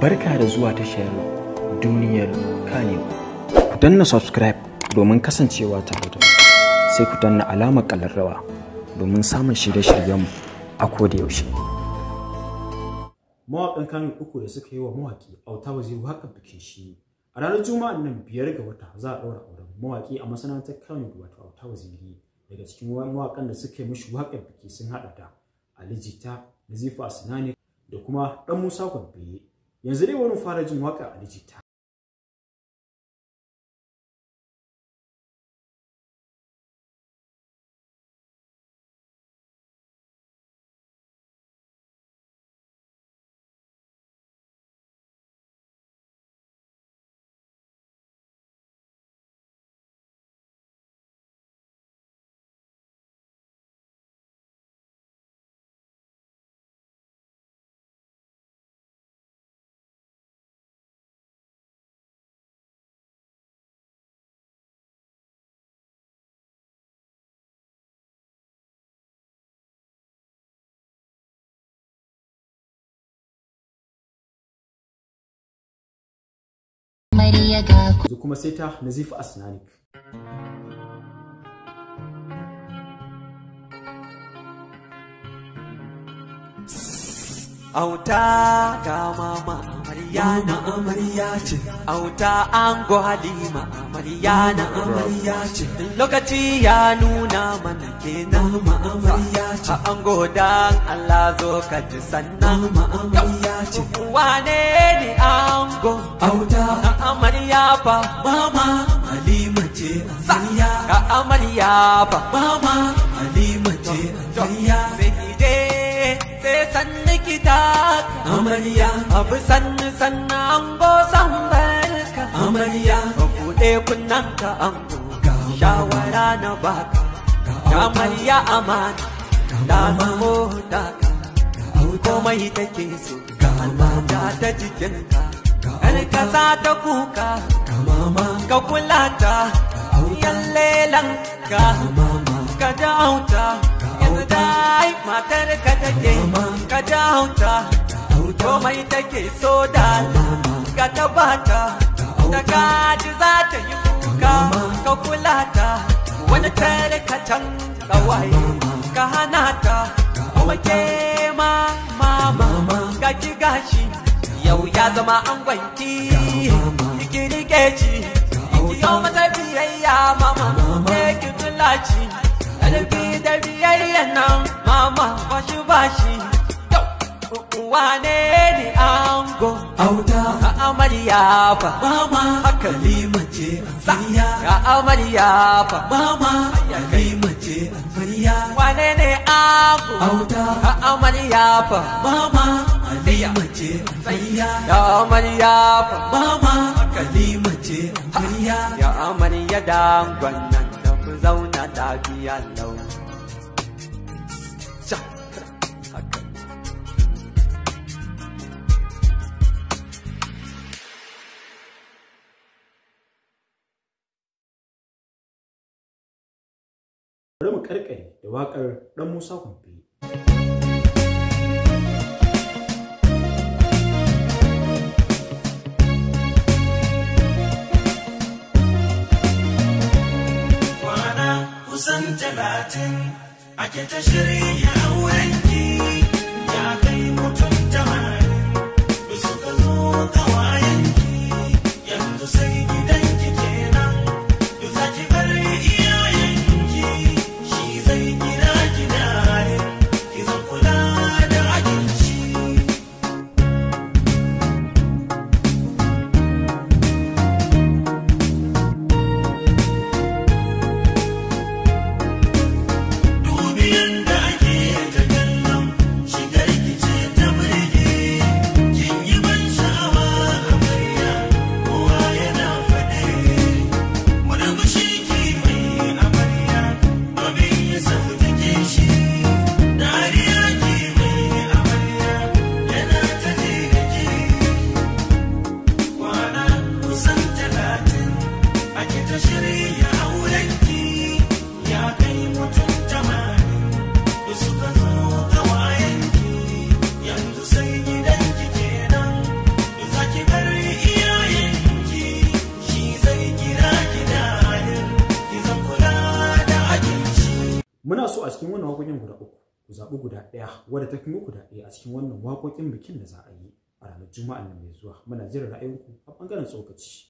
barka da zuwa tashar duniyar kanewa ku danna subscribe domin kasancewa ta da sai ku danna alamar kalarrawa domin samun shirye-shiryenmu a yaushe. mawaƙan kano uku da suka yi wa mawaƙi auta waziru hakan bikin shi a ranar juma'a nan biyar ga wata za a ɗaura auren mawaƙi a masana'antar kano wato auta ne daga cikin mawaƙan da suka yi mishi waƙar biki sun haɗa da alijita jita nazifa sinani da kuma ɗan musa gwabbe yanzu dai wani fara jin waka a digital dariya ga ku kuma sai ta Nazif Asnani Auta ga mama Amaryana amarya ce Auta an Halima Amaryana amarya ce Lokaci ya nuna mana kenan mama ango dan Allah zo ka ji sannan amarya ce wane ne ango auta amarya fa mama halima ce amarya ka amarya fa mama halima ce amarya sai ide sai sanni kita amarya abu sanni sannan ango san barka amarya ka bude kunnan ka ango shawara na baka ga amarya amana dama mota ka komai take so ga mata ta jikinka Ka kasa ta kuka ka kula ta yan lelan ka ka jauta yanzu dai matar ka take ka jauta komai take so da ka tabata ta gaji za ta yi kuka ka kula ta wani tare ka can waye. ka hana ta wake ma mama gaji gashi yau ya zama an gwanki ikirike ci yau mata biyayya mama ne ki tulaci ɗalbi da biyayya nan mama bashi bashi uwa ne ni ango auta amarya mama haka ce amarya ga amarya fa mama halima ce amarya wane ne abu auta ga amarya mama halima ce amarya ya amarya mama haka ce amarya ga amarya dangon nan da ku zauna lafiya lau karkare da waƙar ɗan Musa Kwamfe. Kwana kusan talatin ake ta shirya wanki. so a cikin wannan waƙoƙin guda uku ku zaɓi guda ɗaya wadda ta fi muku daɗi a cikin wannan waƙoƙin bikin da za a yi a ranar juma'a nan mai zuwa muna jiran ra'ayinku a ɓangaren tsokaci